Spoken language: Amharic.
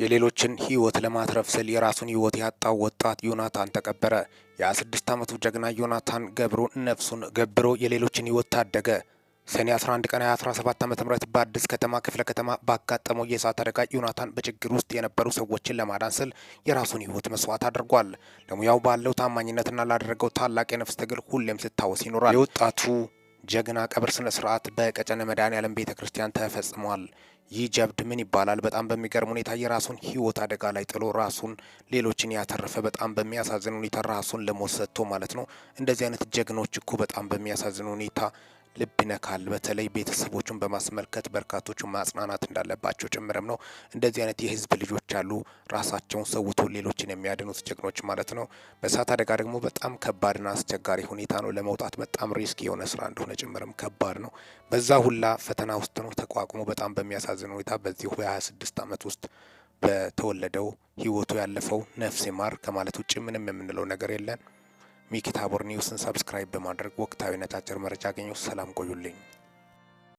የሌሎችን ህይወት ለማትረፍ ስል የራሱን ህይወት ያጣው ወጣት ዮናታን ተቀበረ። የ26 ዓመቱ ጀግና ዮናታን ገብሩ ነፍሱን ገብሮ የሌሎችን ህይወት ታደገ። ሰኔ 11 ቀን 2017 ዓ.ም በአዲስ ከተማ ክፍለ ከተማ ባጋጠመው የእሳት አደጋ ዮናታን በችግር ውስጥ የነበሩ ሰዎችን ለማዳን ስል የራሱን ህይወት መስዋዕት አድርጓል። ለሙያው ባለው ታማኝነትና ላደረገው ታላቅ የነፍስ ትግል ሁሌም ሲታወስ ይኖራል። የወጣቱ ጀግና ቀብር ስነ ስርዓት በቀጨነ መድኃኔዓለም ቤተ ክርስቲያን ተፈጽሟል። ይህ ጀብድ ምን ይባላል? በጣም በሚገርም ሁኔታ የራሱን ህይወት አደጋ ላይ ጥሎ ራሱን ሌሎችን ያተረፈ በጣም በሚያሳዝን ሁኔታ ራሱን ለሞት ሰጥቶ ማለት ነው። እንደዚህ አይነት ጀግኖች እኮ በጣም በሚያሳዝን ሁኔታ ልብ ይነካል። በተለይ ቤተሰቦቹን በማስመልከት በርካቶቹ ማጽናናት እንዳለባቸው ጭምርም ነው። እንደዚህ አይነት የህዝብ ልጆች አሉ፣ ራሳቸውን ሰውቶ ሌሎችን የሚያድኑት ጀግኖች ማለት ነው። በእሳት አደጋ ደግሞ በጣም ከባድና አስቸጋሪ ሁኔታ ነው። ለመውጣት በጣም ሪስክ የሆነ ስራ እንደሆነ ጭምርም ከባድ ነው። በዛ ሁላ ፈተና ውስጥ ነው ተቋቁሞ በጣም በሚያሳዝን ሁኔታ በዚሁ የ26 ዓመት ውስጥ በተወለደው ህይወቱ ያለፈው ነፍስ ይማር ከማለት ውጭ ምንም የምንለው ነገር የለን። ሚኪታቦር ኒውስን ሰብስክራይብ በማድረግ ወቅታዊነት አጭር መረጃ አገኘው። ሰላም ቆዩልኝ።